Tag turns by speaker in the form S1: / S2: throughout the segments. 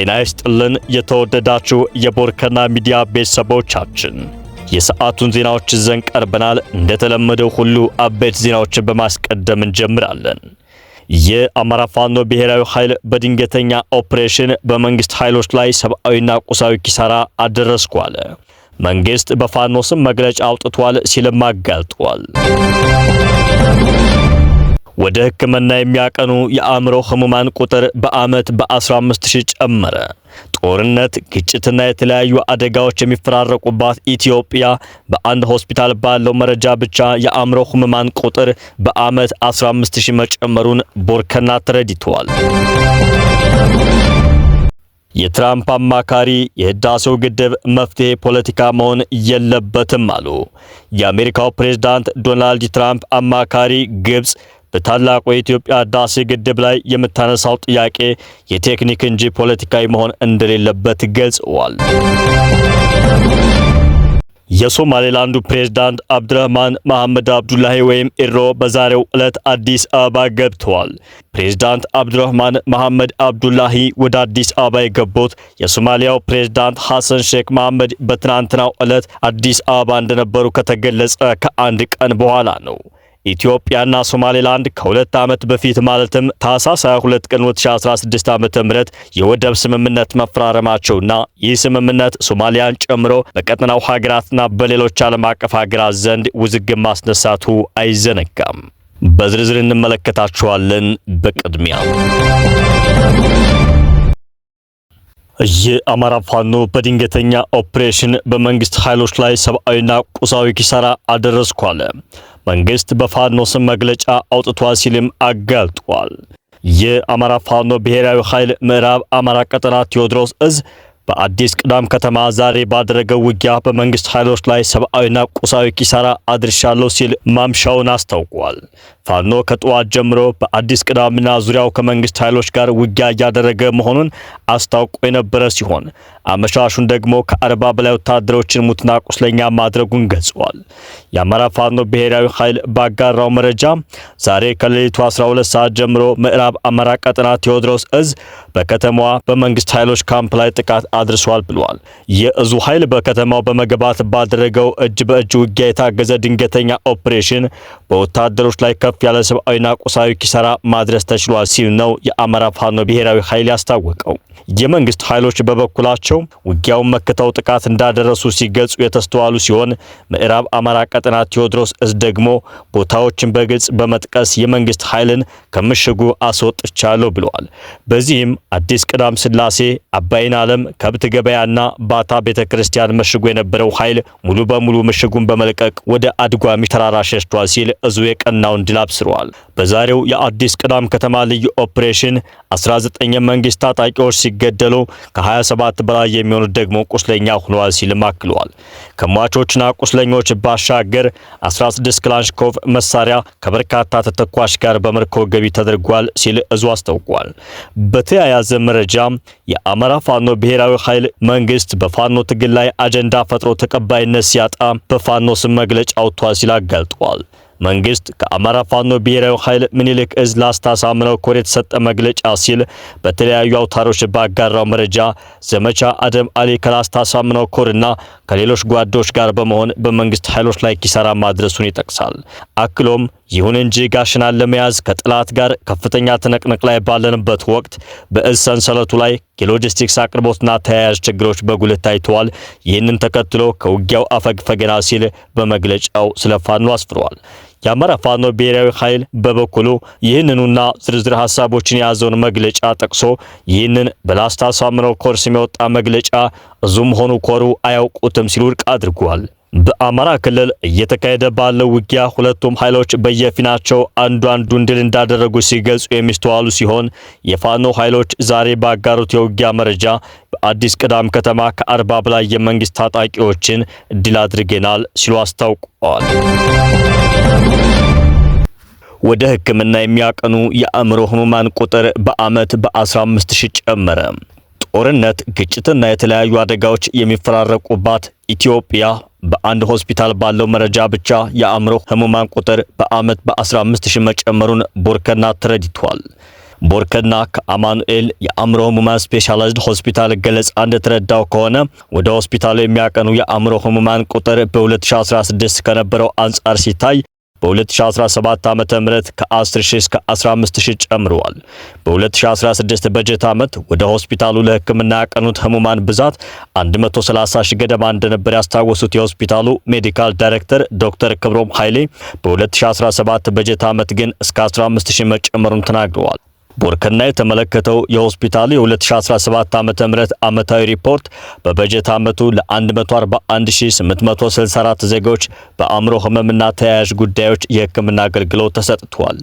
S1: ጤና ይስጥልን የተወደዳችሁ የቦርከና ሚዲያ ቤተሰቦቻችን የሰዓቱን ዜናዎች ይዘን ቀርበናል። እንደተለመደው ሁሉ አበይት ዜናዎችን በማስቀደም እንጀምራለን። የአማራ ፋኖ ብሔራዊ ኃይል በድንገተኛ ኦፕሬሽን በመንግስት ኃይሎች ላይ ሰብአዊና ቁሳዊ ኪሳራ አደረስኳል። መንግሥት መንግስት በፋኖ ስም መግለጫ አውጥቷል ሲልም አጋልጧል። ወደ ሕክምና የሚያቀኑ የአእምሮ ህሙማን ቁጥር በዓመት በ15 ሺህ ጨመረ። ጦርነት፣ ግጭትና የተለያዩ አደጋዎች የሚፈራረቁባት ኢትዮጵያ በአንድ ሆስፒታል ባለው መረጃ ብቻ የአእምሮ ህሙማን ቁጥር በዓመት 15 ሺህ መጨመሩን ቦርከና ተረድተዋል። የትራምፕ አማካሪ የህዳሴው ግድብ መፍትሄ ፖለቲካ መሆን የለበትም አሉ። የአሜሪካው ፕሬዝዳንት ዶናልድ ትራምፕ አማካሪ ግብጽ በታላቁ የኢትዮጵያ ህዳሴ ግድብ ላይ የምታነሳው ጥያቄ የቴክኒክ እንጂ ፖለቲካዊ መሆን እንደሌለበት ገልጸዋል። የሶማሌላንዱ ፕሬዝዳንት አብድረህማን መሐመድ አብዱላሂ ወይም ኢሮ በዛሬው ዕለት አዲስ አበባ ገብተዋል። ፕሬዝዳንት አብድረህማን መሐመድ አብዱላሂ ወደ አዲስ አበባ የገቡት የሶማሊያው ፕሬዝዳንት ሐሰን ሼክ መሐመድ በትናንትናው ዕለት አዲስ አበባ እንደነበሩ ከተገለጸ ከአንድ ቀን በኋላ ነው። ኢትዮጵያና ሶማሌላንድ ከሁለት ዓመት በፊት ማለትም ታህሳስ 22 ቀን 2016 ዓ.ም የወደብ ስምምነት መፈራረማቸውና ይህ ስምምነት ሶማሊያን ጨምሮ በቀጠናው ሀገራትና በሌሎች ዓለም አቀፍ ሀገራት ዘንድ ውዝግብ ማስነሳቱ አይዘነጋም። በዝርዝር እንመለከታቸዋለን። በቅድሚያ የአማራ ፋኖ በድንገተኛ ኦፕሬሽን በመንግስት ኃይሎች ላይ ሰብአዊና ቁሳዊ ኪሳራ አደረስኳለ። መንግስት በፋኖ ስም መግለጫ አውጥቷል ሲልም አጋልጧል። የአማራ ፋኖ ብሔራዊ ኃይል ምዕራብ አማራ ቀጠና ቴዎድሮስ እዝ በአዲስ ቅዳም ከተማ ዛሬ ባደረገው ውጊያ በመንግስት ኃይሎች ላይ ሰብአዊና ቁሳዊ ኪሳራ አድርሻለሁ ሲል ማምሻውን አስታውቋል። ፋኖ ከጠዋት ጀምሮ በአዲስ ቅዳምና ዙሪያው ከመንግስት ኃይሎች ጋር ውጊያ እያደረገ መሆኑን አስታውቆ የነበረ ሲሆን አመሻሹን ደግሞ ከአርባ በላይ ወታደሮችን ሙትና ቁስለኛ ማድረጉን ገልጿል። የአማራ ፋኖ ብሔራዊ ኃይል ባጋራው መረጃ ዛሬ ከሌሊቱ 12 ሰዓት ጀምሮ ምዕራብ አማራ ቀጠና ቴዎድሮስ እዝ በከተማዋ በመንግስት ኃይሎች ካምፕ ላይ ጥቃት አድርሷል ብሏል። የእዙ ኃይል በከተማው በመግባት ባደረገው እጅ በእጅ ውጊያ የታገዘ ድንገተኛ ኦፕሬሽን በወታደሮች ላይ ከፍ ያለ ሰብአዊና ቁሳዊ ኪሳራ ማድረስ ተችሏል ሲል ነው የአማራ ፋኖ ብሔራዊ ኃይል ያስታወቀው። የመንግስት ኃይሎች በበኩላቸው በመሆናቸው ውጊያውን መክተው ጥቃት እንዳደረሱ ሲገልጹ የተስተዋሉ ሲሆን ምዕራብ አማራ ቀጠና ቴዎድሮስ እዝ ደግሞ ቦታዎችን በግልጽ በመጥቀስ የመንግስት ኃይልን ከምሽጉ አስወጥቻለሁ ብለዋል። በዚህም አዲስ ቅዳም ስላሴ፣ አባይን አለም፣ ከብት ገበያና ባታ ቤተ ክርስቲያን መሽጎ የነበረው ኃይል ሙሉ በሙሉ ምሽጉን በመልቀቅ ወደ አድጓሚ ተራራ ሸሽቷል ሲል እዙ የቀናውን ድል አብስረዋል። በዛሬው የአዲስ ቅዳም ከተማ ልዩ ኦፕሬሽን 19 የመንግስት ታጣቂዎች ሲገደሉ ከ27 በላይ የሚሆኑት ደግሞ ቁስለኛ ሆነዋል ሲልም አክለዋል። ከሟቾችና ቁስለኞች ባሻገር 16 ክላሽንኮቭ መሳሪያ ከበርካታ ተተኳሽ ጋር በምርኮ ገቢ ተደርጓል ሲል እዙ አስታውቋል። በተያያዘ መረጃ የአማራ ፋኖ ብሔራዊ ኃይል መንግስት በፋኖ ትግል ላይ አጀንዳ ፈጥሮ ተቀባይነት ሲያጣ በፋኖ ስም መግለጫ አውጥቷል ሲል አጋልጧል። መንግስት ከአማራ ፋኖ ብሔራዊ ኃይል ምኒልክ እዝ ላስታ ሳምነው ኮር የተሰጠ መግለጫ ሲል በተለያዩ አውታሮች ባጋራው መረጃ ዘመቻ አደም አሊ ከላስታ ሳምነው ኮርና ከሌሎች ጓዶች ጋር በመሆን በመንግስት ኃይሎች ላይ ኪሳራ ማድረሱን ይጠቅሳል። አክሎም ይሁን እንጂ ጋሽናን ለመያዝ ከጠላት ጋር ከፍተኛ ትንቅንቅ ላይ ባለንበት ወቅት በእዝ ሰንሰለቱ ላይ የሎጂስቲክስ አቅርቦትና ተያያዥ ችግሮች በጉልህ ታይተዋል። ይህንን ተከትሎ ከውጊያው አፈግፈገና ሲል በመግለጫው ስለ ፋኖ አስፍሯል። የአማራ ፋኖ ብሔራዊ ኃይል በበኩሉ ይህንኑና ዝርዝር ሀሳቦችን የያዘውን መግለጫ ጠቅሶ ይህንን በላስታ ሳምነው ኮርስ የሚወጣ መግለጫ እዙም ሆኑ ኮሩ አያውቁትም ሲል ውድቅ አድርጓል። በአማራ ክልል እየተካሄደ ባለው ውጊያ ሁለቱም ኃይሎች በየፊናቸው አንዱ አንዱን ድል እንዳደረጉ ሲገልጹ የሚስተዋሉ ሲሆን የፋኖ ኃይሎች ዛሬ ባጋሩት የውጊያ መረጃ በአዲስ ቅዳም ከተማ ከአርባ በላይ የመንግስት ታጣቂዎችን ድል አድርገናል ሲሉ አስታውቀዋል። ወደ ሕክምና የሚያቀኑ የአእምሮ ህሙማን ቁጥር በአመት በ15 ሺህ ጨመረ። ጦርነት፣ ግጭትና የተለያዩ አደጋዎች የሚፈራረቁባት ኢትዮጵያ በአንድ ሆስፒታል ባለው መረጃ ብቻ የአእምሮ ህሙማን ቁጥር በዓመት በ15 ሺህ መጨመሩን ቦርከና ተረድቷል። ቦርከና ከአማኑኤል የአእምሮ ህሙማን ስፔሻላይዝድ ሆስፒታል ገለጻ እንደተረዳው ከሆነ ወደ ሆስፒታሉ የሚያቀኑ የአእምሮ ህሙማን ቁጥር በ2016 ከነበረው አንጻር ሲታይ በ2017 ዓመተ ምህረት ከ10000 እስከ 15000 ጨምረዋል። በ2016 በጀት ዓመት ወደ ሆስፒታሉ ለህክምና ያቀኑት ህሙማን ብዛት ሺህ ገደማ እንደነበር ያስታወሱት የሆስፒታሉ ሜዲካል ዳይሬክተር ዶክተር ክብሮም ኃይሌ በ2017 በጀት ዓመት ግን እስከ 15000 መጨመሩን ተናግረዋል። ቡርክና የተመለከተው የሆስፒታሉ የ2017 ዓ ም ዓመታዊ ሪፖርት በበጀት ዓመቱ ለ141864 ዜጎች በአእምሮ ህመምና ተያያዥ ጉዳዮች የህክምና አገልግሎት ተሰጥቷል።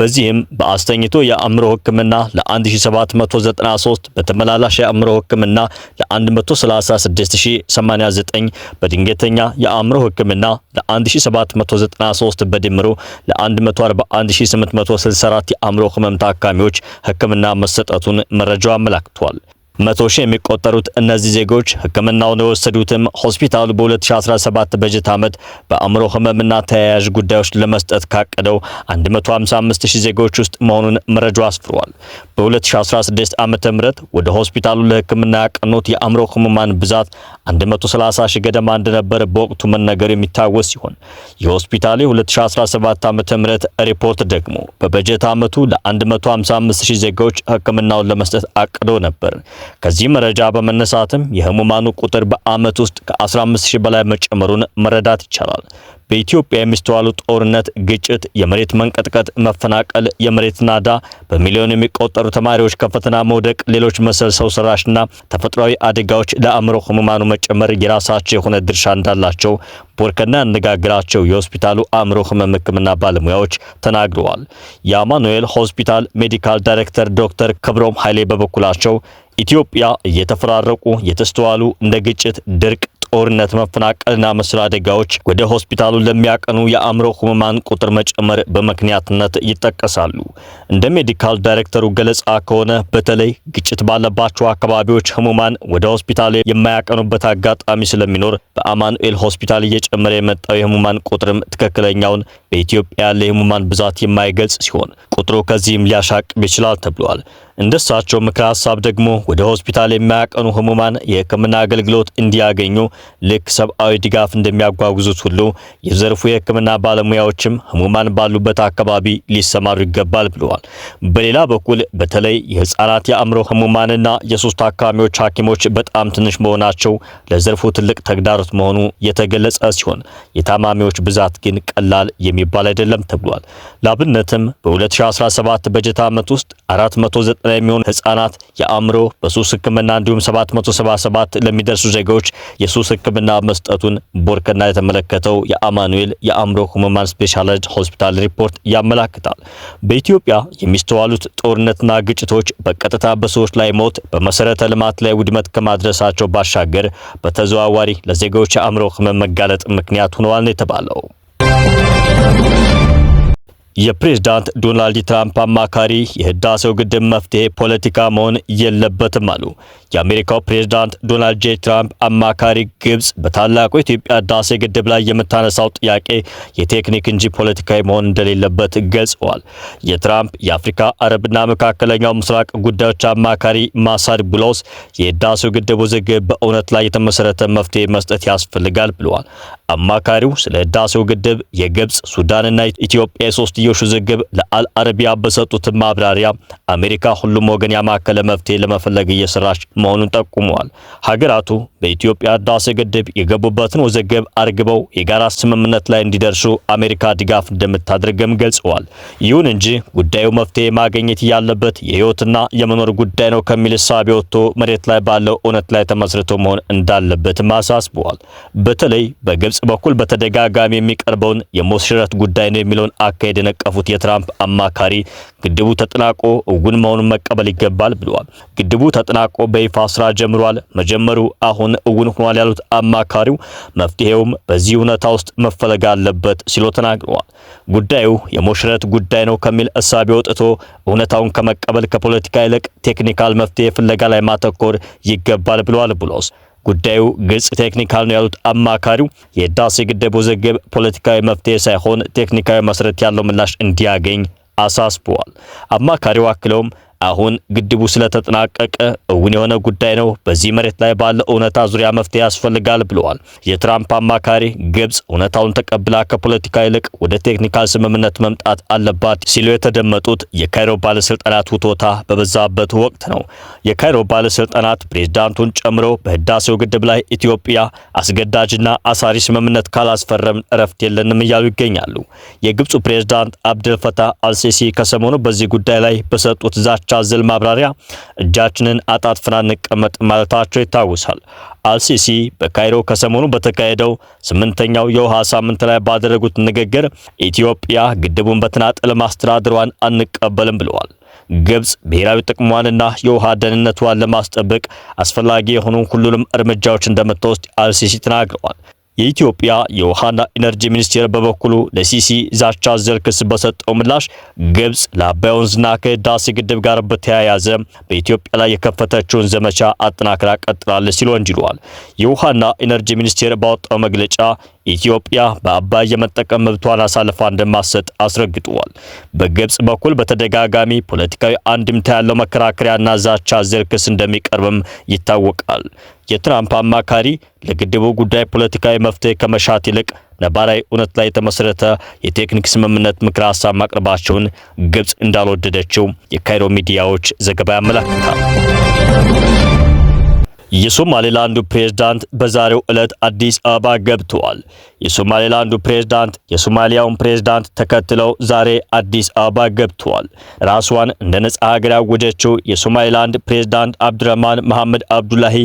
S1: በዚህም በአስተኝቶ የአእምሮ ህክምና ለ1793፣ በተመላላሽ የአእምሮ ህክምና ለ136089፣ በድንገተኛ የአእምሮ ህክምና ለ1793 በድምሩ ለ141864 የአእምሮ ህመም ታካሚዎች ሕክምና መሰጠቱን መረጃው አመላክቷል። መቶ ሺህ የሚቆጠሩት እነዚህ ዜጎች ሕክምናውን የወሰዱትም ሆስፒታሉ በ2017 በጀት ዓመት በአእምሮ ህመምና ተያያዥ ጉዳዮች ለመስጠት ካቀደው 155 ሺህ ዜጎች ውስጥ መሆኑን መረጃው አስፍሯል። በ2016 ዓ ም ወደ ሆስፒታሉ ለሕክምና ያቀኑት የአእምሮ ህሙማን ብዛት 130 ሺህ ገደማ እንደነበር በወቅቱ መነገሩ የሚታወስ ሲሆን የሆስፒታሉ የ2017 ዓ ም ሪፖርት ደግሞ በበጀት ዓመቱ ለ155 ሺህ ዜጎች ሕክምናውን ለመስጠት አቅዶ ነበር። ከዚህ መረጃ በመነሳትም የህሙማኑ ቁጥር በአመት ውስጥ ከ15000 በላይ መጨመሩን መረዳት ይቻላል። በኢትዮጵያ የሚስተዋሉ ጦርነት፣ ግጭት፣ የመሬት መንቀጥቀጥ፣ መፈናቀል፣ የመሬት ናዳ፣ በሚሊዮን የሚቆጠሩ ተማሪዎች ከፈተና መውደቅ፣ ሌሎች መሰል ሰው ሰራሽና ተፈጥሯዊ አደጋዎች ለአእምሮ ህሙማኑ መጨመር የራሳቸው የሆነ ድርሻ እንዳላቸው ቦርከና ያነጋግራቸው የሆስፒታሉ አእምሮ ህመም ህክምና ባለሙያዎች ተናግረዋል። የአማኑኤል ሆስፒታል ሜዲካል ዳይሬክተር ዶክተር ክብሮም ኃይሌ በበኩላቸው ኢትዮጵያ እየተፈራረቁ የተስተዋሉ እንደ ግጭት፣ ድርቅ ጦርነት፣ መፈናቀልና መሰል አደጋዎች ወደ ሆስፒታሉ ለሚያቀኑ የአእምሮ ህሙማን ቁጥር መጨመር በምክንያትነት ይጠቀሳሉ። እንደ ሜዲካል ዳይሬክተሩ ገለጻ ከሆነ በተለይ ግጭት ባለባቸው አካባቢዎች ህሙማን ወደ ሆስፒታል የማያቀኑበት አጋጣሚ ስለሚኖር በአማኑኤል ሆስፒታል እየጨመረ የመጣው የህሙማን ቁጥርም ትክክለኛውን በኢትዮጵያ ያለ የህሙማን ብዛት የማይገልጽ ሲሆን ቁጥሩ ከዚህም ሊያሻቅብ ይችላል ተብሏል። እንደሳቸው ምክረ ሀሳብ ደግሞ ወደ ሆስፒታል የማያቀኑ ህሙማን የህክምና አገልግሎት እንዲያገኙ ልክ ሰብአዊ ድጋፍ እንደሚያጓጉዙት ሁሉ የዘርፉ የህክምና ባለሙያዎችም ህሙማን ባሉበት አካባቢ ሊሰማሩ ይገባል ብለዋል። በሌላ በኩል በተለይ የህፃናት የአእምሮ ህሙማንና የሱስ ታካሚዎች ሐኪሞች በጣም ትንሽ መሆናቸው ለዘርፉ ትልቅ ተግዳሮት መሆኑ የተገለጸ ሲሆን የታማሚዎች ብዛት ግን ቀላል የሚ የሚባል አይደለም ተብሏል። ላብነትም በ2017 በጀት ዓመት ውስጥ 490 የሚሆኑ ህጻናት የአእምሮ በሱስ ህክምና እንዲሁም 777 ለሚደርሱ ዜጋዎች የሱስ ህክምና መስጠቱን ቦርከና የተመለከተው የአማኑኤል የአእምሮ ህሙማን ስፔሻላይዝድ ሆስፒታል ሪፖርት ያመላክታል። በኢትዮጵያ የሚስተዋሉት ጦርነትና ግጭቶች በቀጥታ በሰዎች ላይ ሞት፣ በመሰረተ ልማት ላይ ውድመት ከማድረሳቸው ባሻገር በተዘዋዋሪ ለዜጋዎች የአእምሮ ህመም መጋለጥ ምክንያት ሆነዋል ነው የተባለው። የፕሬዝዳንት ዶናልድ ትራምፕ አማካሪ የህዳሴው ግድብ መፍትሄ ፖለቲካ መሆን የለበትም አሉ። የአሜሪካው ፕሬዝዳንት ዶናልድ ጄ ትራምፕ አማካሪ ግብጽ በታላቁ የኢትዮጵያ ህዳሴ ግድብ ላይ የምታነሳው ጥያቄ የቴክኒክ እንጂ ፖለቲካዊ መሆን እንደሌለበት ገልጸዋል። የትራምፕ የአፍሪካ አረብና መካከለኛው ምስራቅ ጉዳዮች አማካሪ ማሳድ ቡሎስ የህዳሴው ግድብ ውዝግብ በእውነት ላይ የተመሰረተ መፍትሄ መስጠት ያስፈልጋል ብለዋል። አማካሪው ስለ ህዳሴው ግድብ የግብጽ ሱዳንና ኢትዮጵያ የሶስትዮሽ ውዝግብ ለአልአረቢያ በሰጡት ማብራሪያ አሜሪካ ሁሉም ወገን ያማከለ መፍትሄ ለመፈለግ እየሰራች መሆኑን ጠቁመዋል። ሀገራቱ በኢትዮጵያ ህዳሴ ግድብ የገቡበትን ውዝግብ አርግበው የጋራ ስምምነት ላይ እንዲደርሱ አሜሪካ ድጋፍ እንደምታደርግም ገልጸዋል። ይሁን እንጂ ጉዳዩ መፍትሄ ማግኘት ያለበት የህይወትና የመኖር ጉዳይ ነው ከሚል እሳቤ ወጥቶ መሬት ላይ ባለው እውነት ላይ ተመስርቶ መሆን እንዳለበትም አሳስበዋል። በተለይ በግብጽ በኩል በተደጋጋሚ የሚቀርበውን የሞሽረት ጉዳይ ነው የሚለውን አካሄድ የነቀፉት የትራምፕ አማካሪ ግድቡ ተጠናቆ እውን መሆኑን መቀበል ይገባል ብለዋል። ግድቡ ተጠናቆ በይ የይፋ ስራ ጀምሯል። መጀመሩ አሁን እውን ሆኗል ያሉት አማካሪው መፍትሄውም በዚህ እውነታ ውስጥ መፈለግ አለበት ሲሉ ተናግረዋል። ጉዳዩ የሞሽረት ጉዳይ ነው ከሚል እሳቤ ወጥቶ እውነታውን ከመቀበል ከፖለቲካ ይልቅ ቴክኒካል መፍትሄ ፍለጋ ላይ ማተኮር ይገባል ብለዋል ብሎስ ጉዳዩ ግልጽ ቴክኒካል ነው ያሉት አማካሪው የህዳሴ ግድብ ውዝግብ ፖለቲካዊ መፍትሄ ሳይሆን ቴክኒካዊ መሰረት ያለው ምላሽ እንዲያገኝ አሳስበዋል። አማካሪው አክለውም አሁን ግድቡ ስለተጠናቀቀ እውን የሆነ ጉዳይ ነው። በዚህ መሬት ላይ ባለው እውነታ ዙሪያ መፍትሄ ያስፈልጋል ብለዋል። የትራምፕ አማካሪ ግብጽ እውነታውን ተቀብላ ከፖለቲካ ይልቅ ወደ ቴክኒካል ስምምነት መምጣት አለባት ሲሉ የተደመጡት የካይሮ ባለስልጣናት ውቶታ በበዛበት ወቅት ነው። የካይሮ ባለስልጣናት ፕሬዝዳንቱን ጨምሮ በህዳሴው ግድብ ላይ ኢትዮጵያ አስገዳጅና አሳሪ ስምምነት ካላስፈረም እረፍት የለንም እያሉ ይገኛሉ። የግብፁ ፕሬዝዳንት አብደልፈታህ አልሲሲ ከሰሞኑ በዚህ ጉዳይ ላይ በሰጡት ዛቻ አዘል ማብራሪያ እጃችንን አጣጥፈን ንቀመጥ ማለታቸው ይታወሳል። አልሲሲ በካይሮ ከሰሞኑ በተካሄደው ስምንተኛው የውሃ ሳምንት ላይ ባደረጉት ንግግር ኢትዮጵያ ግድቡን በተናጠል ማስተዳደሯን አንቀበልም ብለዋል። ግብጽ ብሔራዊ ጥቅሟንና የውሃ ደህንነቷን ለማስጠበቅ አስፈላጊ የሆኑ ሁሉንም እርምጃዎች እንደምትወስድ አልሲሲ ተናግረዋል። የኢትዮጵያ የውሃና ኢነርጂ ሚኒስቴር በበኩሉ ለሲሲ ዛቻ አዘል ክስ በሰጠው ምላሽ ግብጽ ለአባይ ወንዝና ከህዳሴ ግድብ ጋር በተያያዘ በኢትዮጵያ ላይ የከፈተችውን ዘመቻ አጠናክራ ቀጥላለች ሲል ወንጅሏል። የውሃና ኢነርጂ ሚኒስቴር ባወጣው መግለጫ ኢትዮጵያ በአባይ የመጠቀም መብቷን አሳልፋ እንደማትሰጥ አስረግጠዋል። በግብጽ በኩል በተደጋጋሚ ፖለቲካዊ አንድምታ ያለው መከራከሪያና ዛቻ አዘል ክስ እንደሚቀርብም ይታወቃል። የትራምፕ አማካሪ ለግድቡ ጉዳይ ፖለቲካዊ መፍትሄ ከመሻት ይልቅ ነባራዊ እውነት ላይ የተመሰረተ የቴክኒክ ስምምነት ምክር ሀሳብ ማቅረባቸውን ግብጽ እንዳልወደደችው የካይሮ ሚዲያዎች ዘገባ ያመለክታል። የሶማሌላንዱ ፕሬዝዳንት በዛሬው ዕለት አዲስ አበባ ገብተዋል። የሶማሌላንዱ ፕሬዝዳንት የሶማሊያውን ፕሬዝዳንት ተከትለው ዛሬ አዲስ አበባ ገብተዋል። ራስዋን እንደ ነጻ ሀገር ያወጀችው የሶማሌላንድ ፕሬዝዳንት አብዱረህማን መሐመድ አብዱላሂ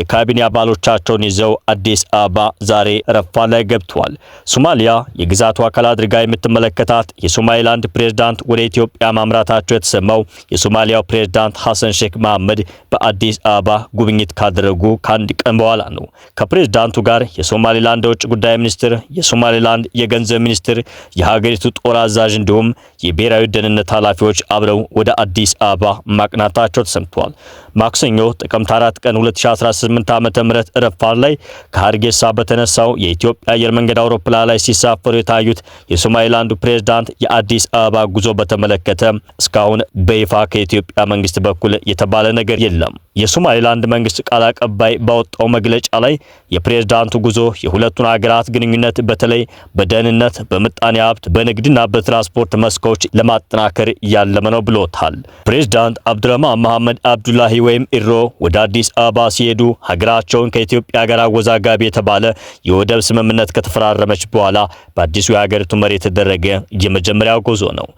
S1: የካቢኔ አባሎቻቸውን ይዘው አዲስ አበባ ዛሬ ረፋ ላይ ገብተዋል። ሶማሊያ የግዛቱ አካል አድርጋ የምትመለከታት የሶማሌላንድ ፕሬዝዳንት ወደ ኢትዮጵያ ማምራታቸው የተሰማው የሶማሊያው ፕሬዝዳንት ሐሰን ሼክ መሐመድ በአዲስ አበባ ጉብኝት ካደረጉ ከአንድ ቀን በኋላ ነው። ከፕሬዝዳንቱ ጋር የሶማሌላንድ ውጭ ጉዳይ ሚኒስትር ሚኒስትር፣ የሶማሌላንድ የገንዘብ ሚኒስትር፣ የሀገሪቱ ጦር አዛዥ እንዲሁም የብሔራዊ ደህንነት ኃላፊዎች አብረው ወደ አዲስ አበባ ማቅናታቸው ተሰምተዋል። ማክሰኞ ጥቅምት 4 ቀን 2018 ም ረፋድ ላይ ከሀርጌሳ በተነሳው የኢትዮጵያ አየር መንገድ አውሮፕላን ላይ ሲሳፈሩ የታዩት የሶማሌላንዱ ፕሬዝዳንት የአዲስ አበባ ጉዞ በተመለከተ እስካሁን በይፋ ከኢትዮጵያ መንግስት በኩል የተባለ ነገር የለም። የሶማሌላንድ መንግስት ቃል አቀባይ ባወጣው መግለጫ ላይ የፕሬዝዳንቱ ጉዞ የሁለቱን ሀገራት ግንኙነት በተለይ በደህንነት፣ በምጣኔ ሀብት፣ በንግድና በትራንስፖርት መስኮች ለማጠናከር ያለመ ነው ብሎታል። ፕሬዝዳንት አብዱረህማን መሐመድ አብዱላሂ ወይም ኢሮ ወደ አዲስ አበባ ሲሄዱ ሀገራቸውን ከኢትዮጵያ ጋር አወዛጋቢ የተባለ የወደብ ስምምነት ከተፈራረመች በኋላ በአዲሱ የሀገሪቱ መሪ የተደረገ የመጀመሪያ ጉዞ ነው።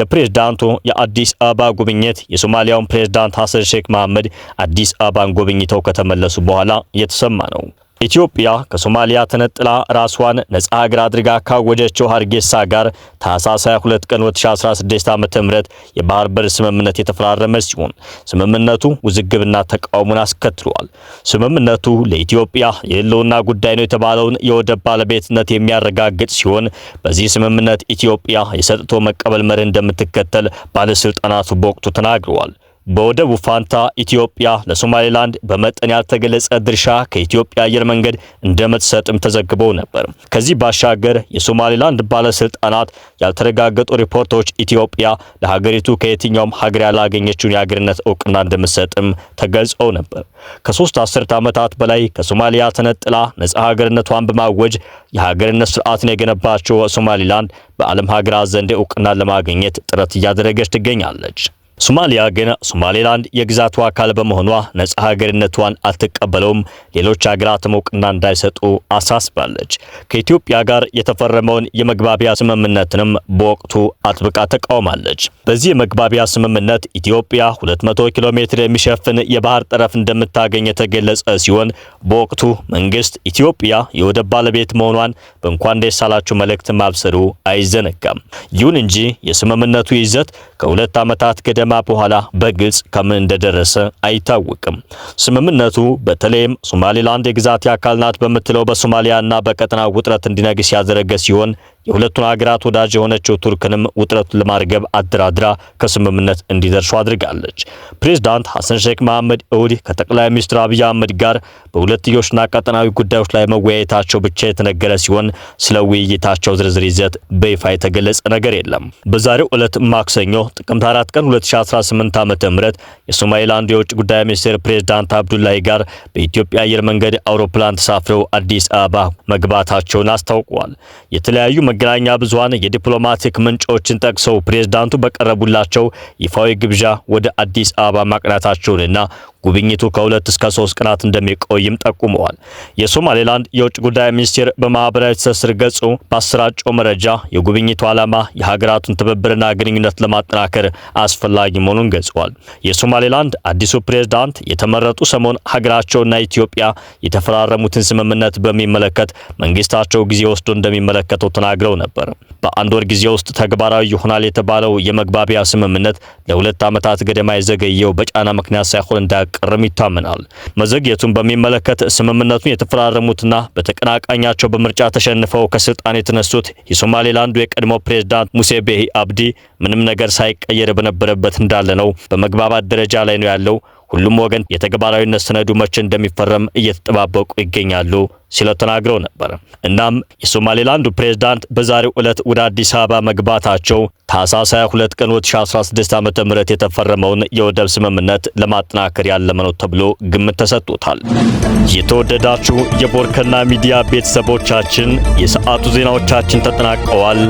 S1: የፕሬዝዳንቱ የአዲስ አበባ ጉብኝት የሶማሊያውን ፕሬዝዳንት ሀሰን ሼክ መሐመድ አዲስ አበባን ጎብኝተው ከተመለሱ በኋላ የተሰማ ነው። ኢትዮጵያ ከሶማሊያ ተነጥላ ራስዋን ነጻ ሀገር አድርጋ ካወጀችው ሀርጌሳ ጋር ታህሳስ 22 ቀን 2016 ዓ.ም የባህር በር ስምምነት የተፈራረመ ሲሆን ስምምነቱ ውዝግብና ተቃውሞን አስከትሏል። ስምምነቱ ለኢትዮጵያ የህልውና ጉዳይ ነው የተባለውን የወደብ ባለቤትነት የሚያረጋግጥ ሲሆን በዚህ ስምምነት ኢትዮጵያ የሰጥቶ መቀበል መርህ እንደምትከተል ባለስልጣናቱ በወቅቱ ተናግረዋል። በወደቡ ፋንታ ኢትዮጵያ ለሶማሌላንድ በመጠን ያልተገለጸ ድርሻ ከኢትዮጵያ አየር መንገድ እንደምትሰጥም ተዘግቦ ነበር። ከዚህ ባሻገር የሶማሌላንድ ባለስልጣናት ያልተረጋገጡ ሪፖርቶች ኢትዮጵያ ለሀገሪቱ ከየትኛውም ሀገር ያላገኘችውን የሀገርነት እውቅና እንደምትሰጥም ተገልጸው ነበር። ከሶስት አስርት ዓመታት በላይ ከሶማሊያ ተነጥላ ነጻ ሀገርነቷን በማወጅ የሀገርነት ስርዓትን የገነባቸው ሶማሌላንድ በዓለም ሀገራት ዘንድ እውቅና ለማግኘት ጥረት እያደረገች ትገኛለች። ሶማሊያ ግን ሶማሌላንድ የግዛቱ አካል በመሆኗ ነጻ ሀገርነቷን አትቀበለውም፣ ሌሎች ሀገራት እውቅና እንዳይሰጡ አሳስባለች። ከኢትዮጵያ ጋር የተፈረመውን የመግባቢያ ስምምነትንም በወቅቱ አጥብቃ ተቃውማለች። በዚህ የመግባቢያ ስምምነት ኢትዮጵያ 200 ኪሎ ሜትር የሚሸፍን የባህር ጠረፍ እንደምታገኝ የተገለጸ ሲሆን በወቅቱ መንግስት ኢትዮጵያ የወደብ ባለቤት መሆኗን በእንኳን ደስ አላችሁ መልእክት ማብሰሩ አይዘነጋም። ይሁን እንጂ የስምምነቱ ይዘት ከሁለት ዓመታት ገደ ከፓርላማ በኋላ በግልጽ ከምን እንደደረሰ አይታወቅም። ስምምነቱ በተለይም ሶማሌላንድ የግዛት አካል ናት በምትለው በሶማሊያና በቀጠናው ውጥረት እንዲነግስ ያደረገ ሲሆን የሁለቱን ሀገራት ወዳጅ የሆነችው ቱርክንም ውጥረቱን ለማርገብ አደራድራ ከስምምነት እንዲደርሱ አድርጋለች። ፕሬዝዳንት ሐሰን ሼክ መሐመድ እሁድ ከጠቅላይ ሚኒስትር አብይ አህመድ ጋር በሁለትዮሽና ቀጠናዊ ጉዳዮች ላይ መወያየታቸው ብቻ የተነገረ ሲሆን ስለ ውይይታቸው ዝርዝር ይዘት በይፋ የተገለጸ ነገር የለም። በዛሬው ዕለት ማክሰኞ ጥቅምት 4 ቀን 2018 ም የሶማሌላንድ የውጭ ጉዳይ ሚኒስቴር ፕሬዝዳንት አብዱላሂ ጋር በኢትዮጵያ አየር መንገድ አውሮፕላን ተሳፍረው አዲስ አበባ መግባታቸውን አስታውቀዋል። የተለያዩ መገናኛ ብዙሃን የዲፕሎማቲክ ምንጮችን ጠቅሰው ፕሬዝዳንቱ በቀረቡላቸው ይፋዊ ግብዣ ወደ አዲስ አበባ ማቅናታቸውንና ጉብኝቱ ከሁለት እስከ ሶስት ቀናት እንደሚቆይም ጠቁመዋል። የሶማሌላንድ የውጭ ጉዳይ ሚኒስቴር በማህበራዊ ትስስር ገጹ ባሰራጨው መረጃ የጉብኝቱ ዓላማ የሀገራቱን ትብብርና ግንኙነት ለማጠናከር አስፈላጊ መሆኑን ገልጸዋል። የሶማሌላንድ አዲሱ ፕሬዝዳንት የተመረጡ ሰሞን ሀገራቸውና ኢትዮጵያ የተፈራረሙትን ስምምነት በሚመለከት መንግስታቸው ጊዜ ወስዶ እንደሚመለከተው ተናግረው ነበር። በአንድ ወር ጊዜ ውስጥ ተግባራዊ ይሆናል የተባለው የመግባቢያ ስምምነት ለሁለት ዓመታት ገደማ የዘገየው በጫና ምክንያት ሳይሆን እንዳያቀርም ይታመናል። መዘግየቱን በሚመለከት ስምምነቱን የተፈራረሙትና በተቀናቃኛቸው በምርጫ ተሸንፈው ከስልጣን የተነሱት የሶማሌላንዱ የቀድሞ ፕሬዝዳንት ሙሴ ቤሂ አብዲ ምንም ነገር ሳይቀየር በነበረበት እንዳለ ነው። በመግባባት ደረጃ ላይ ነው ያለው። ሁሉም ወገን የተግባራዊነት ሰነዱ መቼ እንደሚፈረም እየተጠባበቁ ይገኛሉ ሲለ ተናግረው ነበር። እናም የሶማሌላንዱ ፕሬዝዳንት በዛሬው ዕለት ወደ አዲስ አበባ መግባታቸው ታህሳስ 22 ቀን 2016 ዓ.ም የተፈረመውን የወደብ ስምምነት ለማጠናከር ያለመ ነው ተብሎ ግምት ተሰጥቶታል። የተወደዳችሁ የቦርከና ሚዲያ ቤተሰቦቻችን የሰዓቱ ዜናዎቻችን ተጠናቀዋል።